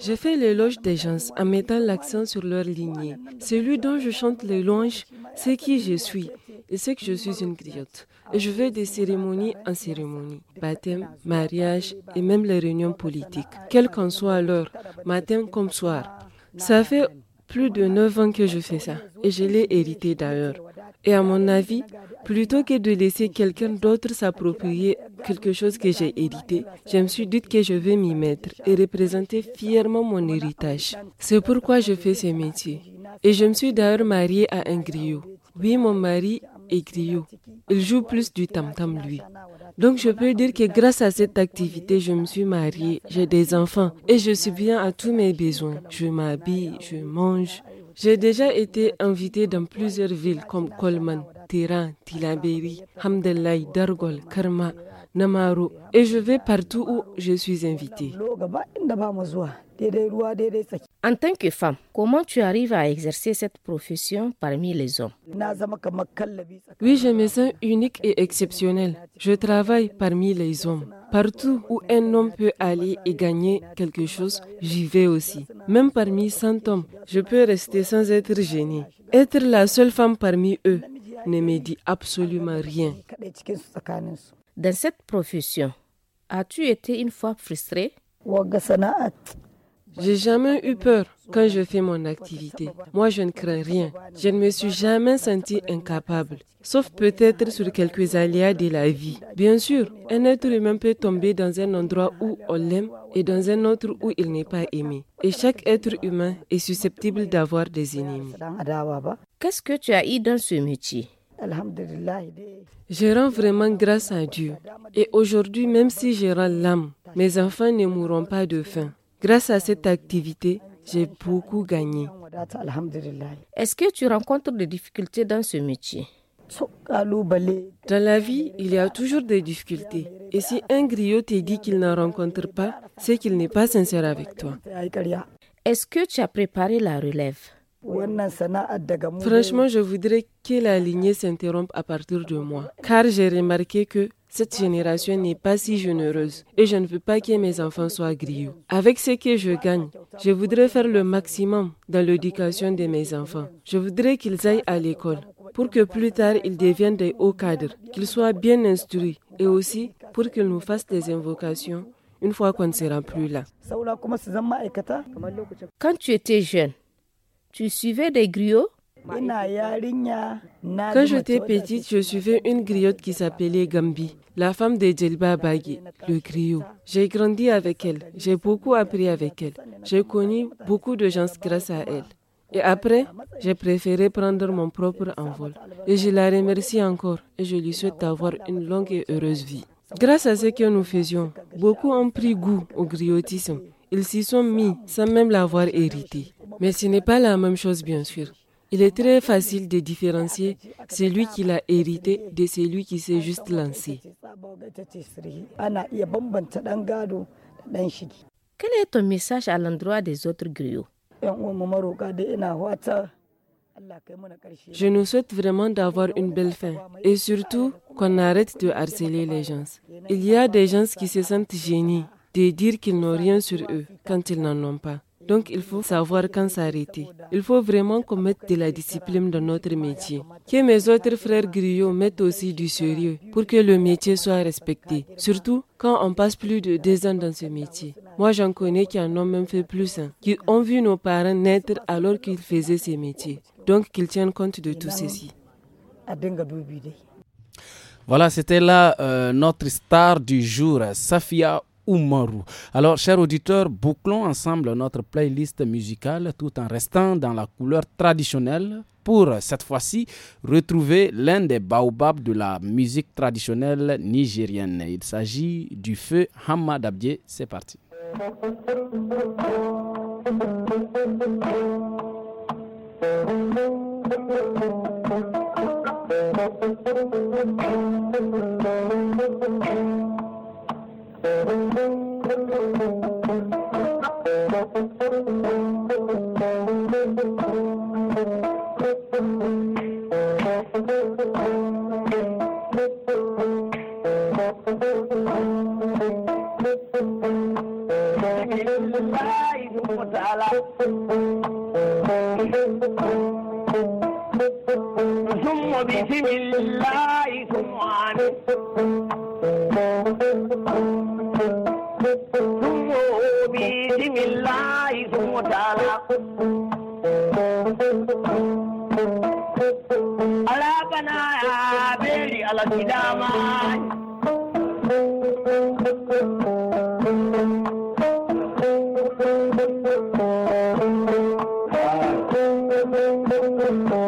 Je fais l'éloge des gens en mettant l'accent sur leur lignée. Celui dont je chante les louanges, c'est qui je suis. et c'est que je suis une griotte. je vais des cérémonies en cérémonie. Baptême, mariage et même les réunions politiques. Quelle qu'en soit l'heure, matin comme soir. Ça fait plus de neuf ans que je fais ça. Et je l'ai hérité d'ailleurs. Et à mon avis, plutôt que de laisser quelqu'un d'autre s'approprier quelque chose que j'ai hérité, je me suis dit que je vais m'y mettre et représenter fièrement mon héritage. C'est pourquoi je fais ce métier. Et je me suis d'ailleurs mariée à un griot. Oui, mon mari est griot. Il joue plus du tam-tam, lui. Donc je peux dire que grâce à cette activité, je me suis mariée, j'ai des enfants et je suis bien à tous mes besoins. Je m'habille, je mange, j'ai déjà été invité dans plusieurs villes comme Colman, Tiran, Tilaberi, Hamdallah, Dargol, Karma, Namaru, et je vais partout où je suis invitée. En tant que femme, comment tu arrives à exercer cette profession parmi les hommes Oui, je me sens unique et exceptionnelle. Je travaille parmi les hommes. Partout où un homme peut aller et gagner quelque chose, j'y vais aussi. Même parmi 100 hommes, je peux rester sans être gênée. Être la seule femme parmi eux ne me dit absolument rien. Dans cette profession, as-tu été une fois frustré j'ai jamais eu peur quand je fais mon activité. Moi, je ne crains rien. Je ne me suis jamais senti incapable, sauf peut-être sur quelques aléas de la vie. Bien sûr, un être humain peut tomber dans un endroit où on l'aime et dans un autre où il n'est pas aimé. Et chaque être humain est susceptible d'avoir des ennemis. Qu'est-ce que tu as eu dans ce métier je rends vraiment grâce à Dieu. Et aujourd'hui, même si je rends l'âme, mes enfants ne mourront pas de faim. Grâce à cette activité, j'ai beaucoup gagné. Est-ce que tu rencontres des difficultés dans ce métier Dans la vie, il y a toujours des difficultés. Et si un griot te dit qu'il n'en rencontre pas, c'est qu'il n'est pas sincère avec toi. Est-ce que tu as préparé la relève Franchement, je voudrais que la lignée s'interrompe à partir de moi, car j'ai remarqué que cette génération n'est pas si généreuse et je ne veux pas que mes enfants soient grillés. Avec ce que je gagne, je voudrais faire le maximum dans l'éducation de mes enfants. Je voudrais qu'ils aillent à l'école pour que plus tard ils deviennent des hauts cadres, qu'ils soient bien instruits et aussi pour qu'ils nous fassent des invocations une fois qu'on ne sera plus là. Quand tu étais jeune, tu suivais des griots quand j'étais petite, je suivais une griotte qui s'appelait Gambi, la femme de Djelba Bagui, le griot. J'ai grandi avec elle, j'ai beaucoup appris avec elle, j'ai connu beaucoup de gens grâce à elle. Et après, j'ai préféré prendre mon propre envol. Et je la remercie encore et je lui souhaite avoir une longue et heureuse vie. Grâce à ce que nous faisions, beaucoup ont pris goût au griotisme ils s'y sont mis sans même l'avoir hérité. Mais ce n'est pas la même chose, bien sûr. Il est très facile de différencier celui qui l'a hérité de celui qui s'est juste lancé. Quel est ton message à l'endroit des autres griots Je nous souhaite vraiment d'avoir une belle fin et surtout qu'on arrête de harceler les gens. Il y a des gens qui se sentent génies de dire qu'ils n'ont rien sur eux quand ils n'en ont pas. Donc il faut savoir quand s'arrêter. Il faut vraiment qu'on mette de la discipline dans notre métier. Que mes autres frères griots mettent aussi du sérieux pour que le métier soit respecté. Surtout quand on passe plus de deux ans dans ce métier. Moi j'en connais qui en ont même fait plus, un, qui ont vu nos parents naître alors qu'ils faisaient ces métiers. Donc qu'ils tiennent compte de tout ceci. Voilà, c'était là euh, notre star du jour, Safia alors, chers auditeurs, bouclons ensemble notre playlist musicale tout en restant dans la couleur traditionnelle pour cette fois-ci retrouver l'un des baobabs de la musique traditionnelle nigérienne. Il s'agit du feu Hamad Abdié. C'est parti. بسم الله سبحانه ilahi mudala alabana beli ala kidama Thank you.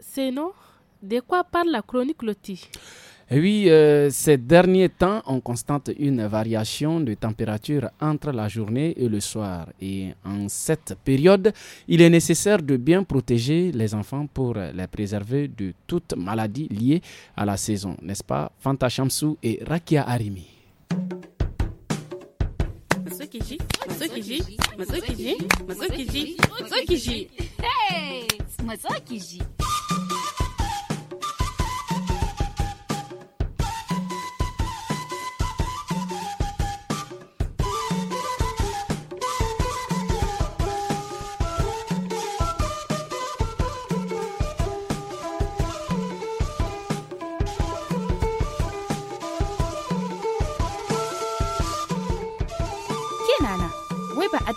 C'est non De quoi parle la chronique Loti eh oui, euh, ces derniers temps, on constate une variation de température entre la journée et le soir. Et en cette période, il est nécessaire de bien protéger les enfants pour les préserver de toute maladie liée à la saison, n'est-ce pas Fanta et Rakia Arimi. Hey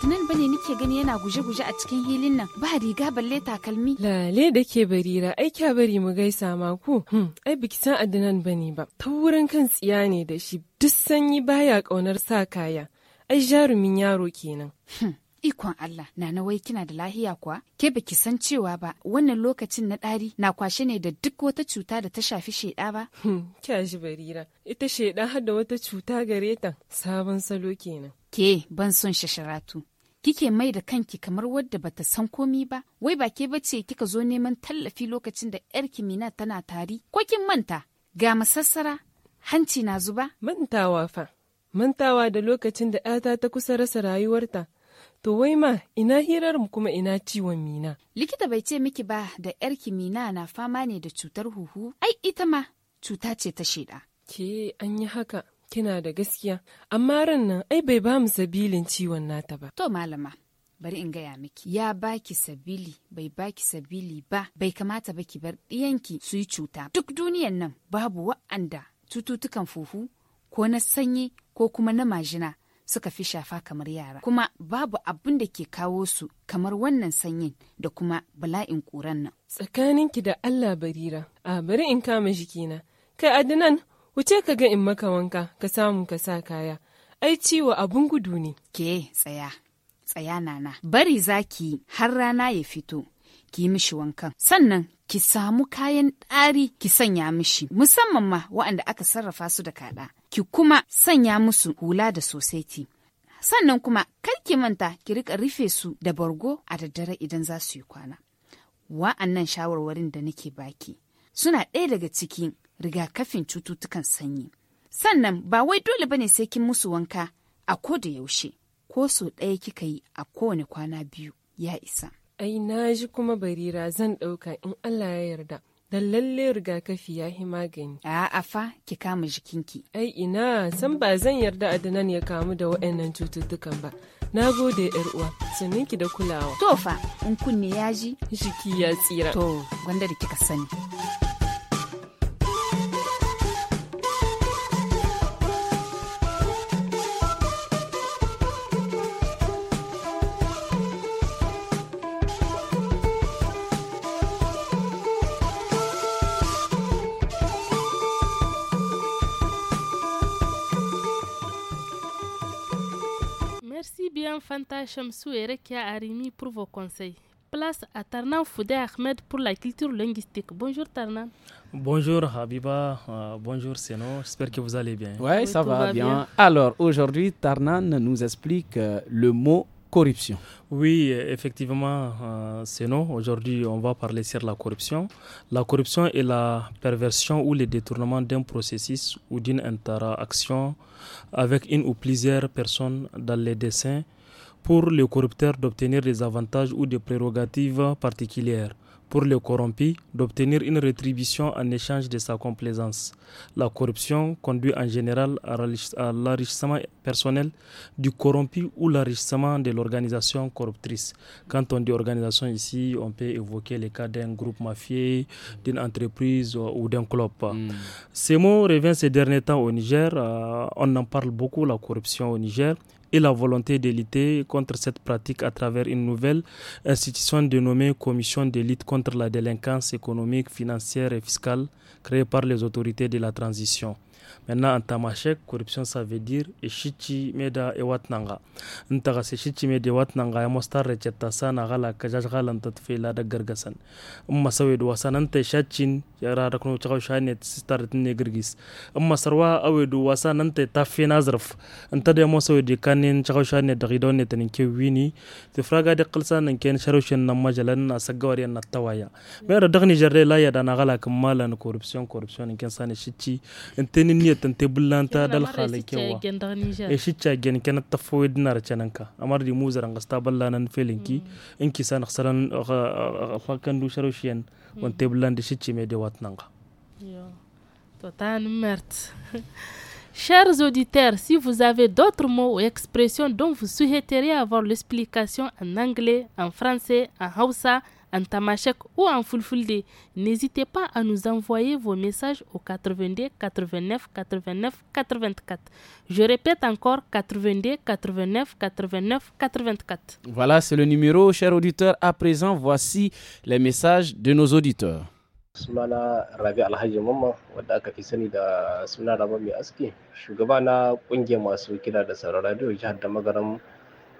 nan ba ne nike gani yana guje-guje a cikin hilin nan ba riga balle takalmi. Lale da ke barira ai kya bari mu gaisa ma ku. Hmm, ai biki san Adnan ne ba. Ta wurin kan tsiya ne da shi duk sanyi baya kaunar sa kaya. Ai jarumin yaro kenan. Hmm, ikon Allah na wai kina da lahiya kuwa ke baki san cewa ba wannan lokacin na ɗari na kwashe ne da duk wata cuta da ta shafi sheda ba hmm, kya ji barira ita sheda har da wata cuta gare ta sabon salo kenan ke ban son shasharatu kike mai da kanki kamar wadda bata san komi ba wai ba ke bace kika zo neman tallafi lokacin da yar kimina tana tari ko kin manta ga masassara hanci na zuba mantawa fa mantawa da lokacin da ƴata ta kusa rasa rayuwarta to wai ma ina hirar mu kuma ina ciwon mina likita bai ce miki ba da yar kimina na fama ne da cutar huhu ai ita ma cuta ce ta sheda ke an yi haka kina da gaskiya amma ran nan ai bai ba mu sabilin ciwon nata ba to malama bari in gaya miki ya baki sabili bai baki sabili ba bai kamata ba ki bar ɗiyanki su yi cuta duk duniyan nan babu wa'anda cututtukan fufu ko na sanyi ko kuma na majina suka fi shafa kamar yara kuma babu abin da ke kawo su kamar wannan sanyin da kuma bala'in ƙuran nan tsakaninki da allah barira a bari in kama jikina kai adinan wuce ka ga in maka wanka ka samu ka sa kaya ai ciwo abun gudu ne ke tsaya tsaya nana bari zaki har rana ya fito ki yi mishi wankan sannan ki samu kayan ɗari ki sanya mishi musamman ma wa'anda aka sarrafa su da kaɗa ki kuma sanya musu hula da sosaiti sannan kuma kar ki manta ki rika rufe su da bargo a daddare idan za su yi kwana wa'annan shawarwarin da nake baki suna ɗaya daga cikin rigakafin cututtukan sanyi. Sannan ba wai dole bane sai kin musu wanka a ko da yaushe ko so ɗaya kika yi a kowane kwana biyu ya isa. Ai na ji kuma barira zan ɗauka in Allah ya yarda. Da lalle rigakafi ya yi magani. A'a fa ki kama jikinki. Ai ina san ba zan yarda nan ya kamu da waɗannan cututtukan ba. Na gode yar uwa, sannan ki da kulawa. tofa in kunne ya ji? Jiki ya tsira. To, gwanda da kika sani. Fanta Chamsou et Arimi pour vos conseils. Place à Tarnan Foudé Ahmed pour la culture linguistique. Bonjour Tarnan. Bonjour Habiba, euh, bonjour Seno, j'espère que vous allez bien. Ouais, oui, ça va, bien. Alors aujourd'hui, Tarnan nous explique euh, le mot corruption. Oui, effectivement, euh, Aujourd'hui, on va parler sur la corruption. La corruption est la perversion ou le détournement d'un processus ou d'une interaction avec une ou plusieurs personnes dans les dessins pour le corrupteur d'obtenir des avantages ou des prérogatives particulières, pour le corrompu d'obtenir une rétribution en échange de sa complaisance. La corruption conduit en général à l'enrichissement personnel du corrompu ou l'enrichissement de l'organisation corruptrice. Quand on dit organisation ici, on peut évoquer les cas d'un groupe mafieux, d'une entreprise ou d'un club. Hmm. Ces mots reviennent ces derniers temps au Niger. Euh, on en parle beaucoup, la corruption au Niger et la volonté de lutter contre cette pratique à travers une nouvelle institution dénommée Commission de lutte contre la délinquance économique, financière et fiscale créée par les autorités de la transition. maintenant en tamashek corruption ça veut dire shichi meda e watnanga ntaga se meda watnanga ya mostar recetta gala da gargasan amma sawe wasanan shachin da kuma chakaw shane star ne girgis amma sarwa awe wasanan nazarf da kanin shane da ne ke wini te fraga ken sharushin nan majalan na tawaya dagni jarre la ya da na gala kamalan corruption corruption ken sane niyyatan te bullanta dal khale kewa e shicca gen kana tafoy dinar cananka amar di muzaran gasta ballanan felinki hmm. inki san khsaran fakan du sharushian hmm. won te bullande shicci me de watnanga to tan mert Chers auditeurs, si vous avez d'autres mots ou expressions dont vous souhaiteriez avoir l'explication en anglais, en français, en hausa, en tamashek ou en fulfulde. N'hésitez pas à nous envoyer vos messages au 82 89 89 84. Je répète encore 82 89 89 84. Voilà, c'est le numéro, chers auditeurs. À présent, voici les messages de nos auditeurs. alhaji wadda fi sani da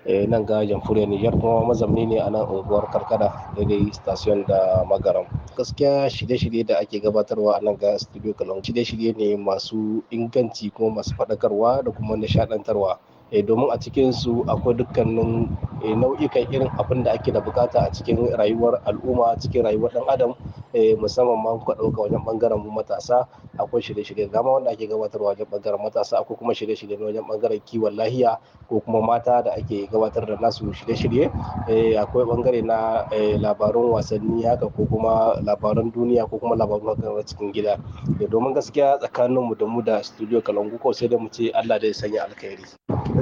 Eh, nan ga jamhuriyar Nijar kuma mazamni ne a nan unguwar karkara daidai station da magaram. Gaskiya shirye-shirye da ake gabatarwa a nan ga studio Kalon shirye-shirye ne masu inganci kuma masu faɗakarwa da kuma nishaɗantarwa. Eh, domin a cikinsu akwai dukkanin eh, nau'ikan irin abin da ake da bukata a cikin rayuwar al'umma cikin rayuwar ɗan adam Eh, musamman ma kuka ɗauka wajen ɓangaren mu matasa akwai shirye-shirye dama wanda ake gabatarwa wajen ɓangaren matasa akwai kuma shirye-shirye wajen ɓangaren kiwon lahiya ko kuma mata da ake gabatar da nasu shirye-shirye eh, akwai ɓangare na eh, labarun wasanni haka ko kuma labaran duniya ko kuma labarun haka cikin gida da domin gaskiya tsakanin mu da mu da studio kalangu ko sai da mu ce Allah da ya sanya alkhairi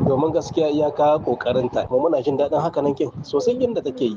domin gaskiya iyaka kokarin ta muna jin daɗin haka nan kin sosai yadda take yi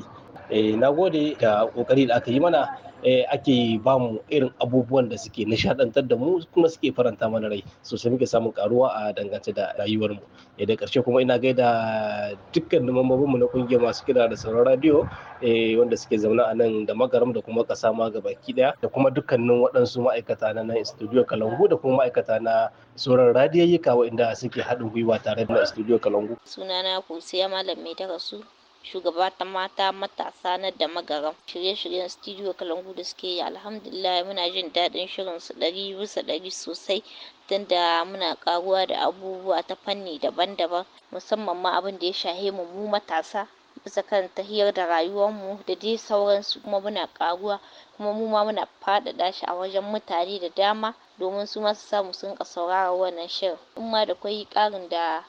na gode da kokari da aka yi mana Eh, ake ba mu irin abubuwan da suke nishadantar da mu kuma suke faranta mana rai sosai muke samun karuwa a dangance da rayuwar mu eh, da karshe kuma ina gaida dukkan mambobinmu na kungiyar masu kira da sauran radio eh, wanda suke zaune a nan da magaram da kuma kasa ma gabaki daya da kuma dukkanin waɗansu ma'aikata na nan studio kalangu da kuma ma'aikata na sauran radiyayyuka wainda suke haɗin gwiwa tare da studio kalangu sunana kunsiya malam mai takasu. su shugaba ta mata matasa na da magaram shirye-shiryen studio kalangu da suke yi alhamdulillah muna jin daɗin shirin su ɗari bisa ɗari sosai tunda muna karuwa da abubuwa ta fanni daban-daban musamman ma abin da ya shahe mu mu matasa bisa kan tahiyar da rayuwar mu da dai sauransu kuma muna karuwa kuma mu ma muna faɗaɗa shi a wajen mutane da dama domin su ma su samu sun ka saurara wannan shirin in ma da kwai ƙarin da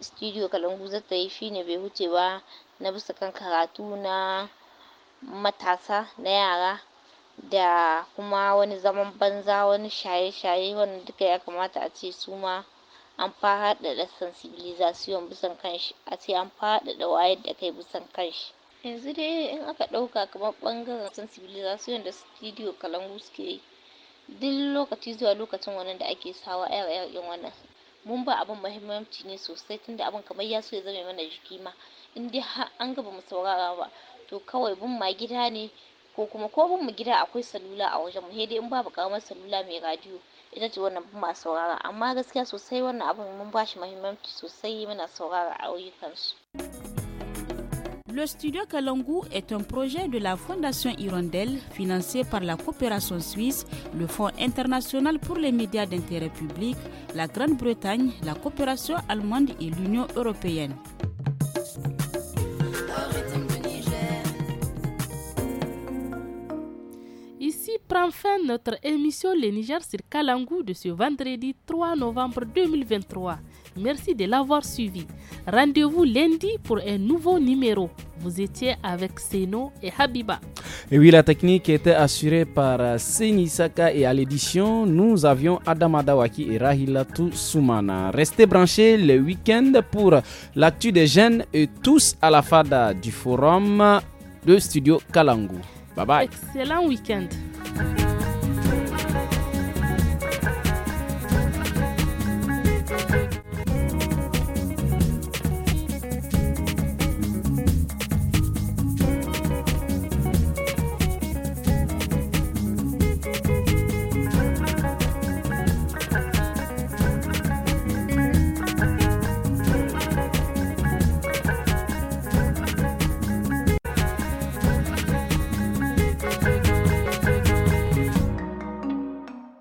studio kalangu zata yi shine bai wuce ba na bisa kan karatu na matasa na yara da kuma wani zaman banza wani shaye-shaye wanda duka ya kamata a ce su ma an faɗaɗa sensibilization bisan kanshi a ce an faɗaɗa wayar da kai bisan kanshi yanzu dai in aka ɗauka kamar ɓangaren sensibilization da studio kalangu suke yi duk lokaci zuwa lokacin wannan da ake sawa a yawa wannan mun ba abin muhimmanci ne sosai tunda abin kamar ya so ya zame mana jiki ma in dai har an ga bamu saurara ba to kawai bin ma gida ne ko kuma ko bin mu gida akwai salula a wajen mu sai dai in babu ƙaramar salula mai radio ita ce wannan bin ma saurara amma gaskiya sosai wannan abun mun bashi muhimmanci sosai muna saurara a su Le studio Kalangu est un projet de la Fondation Hirondelle financé par la coopération suisse, le Fonds international pour les médias d'intérêt public, la Grande-Bretagne, la coopération allemande et l'Union européenne. enfin notre émission Le Niger sur Kalangu de ce vendredi 3 novembre 2023. Merci de l'avoir suivi. Rendez-vous lundi pour un nouveau numéro. Vous étiez avec Seno et Habiba. Et oui, la technique était assurée par Seni et à l'édition, nous avions Adam Adawaki et Rahilatou Soumana. Restez branchés le week-end pour l'actu des jeunes et tous à la fada du forum de Studio Kalangu. Bye bye. Excellent week-end. Bye.